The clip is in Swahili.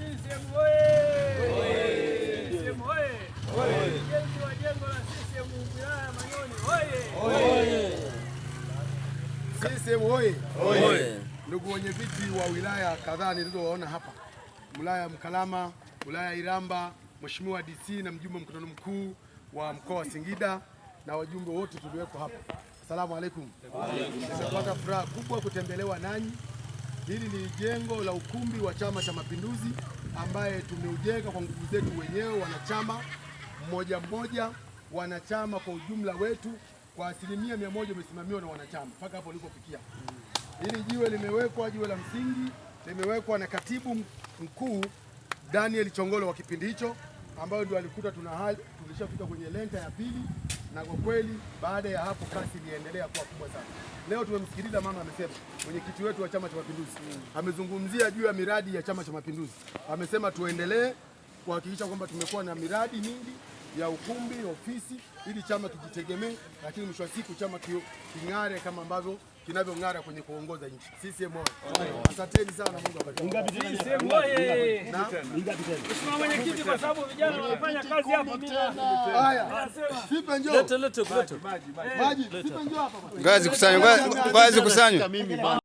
CCM oye! Ujenzi wa jengo la CCM wilaya ya Manyoni CCM oye! Ndugu wenyeviti wa wilaya kadhaa nilizowaona hapa, wilaya ya Mkalama, wilaya Iramba, Mheshimiwa DC na mjumbe wa mkutano mkuu wa mkoa wa Singida na wajumbe wote tuliweko hapa. Asalamu alaykum. Nimepata furaha kubwa kutembelewa nanyi. Hili ni jengo la ukumbi wa Chama cha Mapinduzi ambaye tumeujenga kwa nguvu zetu wenyewe, wanachama mmoja mmoja, wanachama kwa ujumla wetu kwa asilimia mia moja umesimamiwa na wanachama mpaka hapo ulipofikia. Hili jiwe limewekwa, jiwe la msingi limewekwa na katibu mkuu Daniel Chongolo wa kipindi hicho, ambayo ndio alikuta tuna hali tulishafika kwenye lenta ya pili na kwa kweli baada ya hapo kasi iliendelea kuwa kubwa sana. Leo tumemsikiliza mama amesema, mwenyekiti wetu wa Chama cha Mapinduzi amezungumzia juu ya miradi ya Chama cha Mapinduzi, amesema tuendelee kuhakikisha kwamba tumekuwa na miradi mingi ya ukumbi, ofisi, ili chama kijitegemee, lakini mwisho wa siku chama king'are kama ambavyo kinavyong'ara kwenye kuongoza nchi. Sisi oyee! Asanteni sana, Mungu awabariki. CCM oyee! Mheshimiwa Mwenyekiti, kwa sababu vijana wanafanya kazi hapo. Haya, sipe njoo, lete lete, maji maji, sipe njoo hapa, ngazi kusanywa, ngazi kusanywa.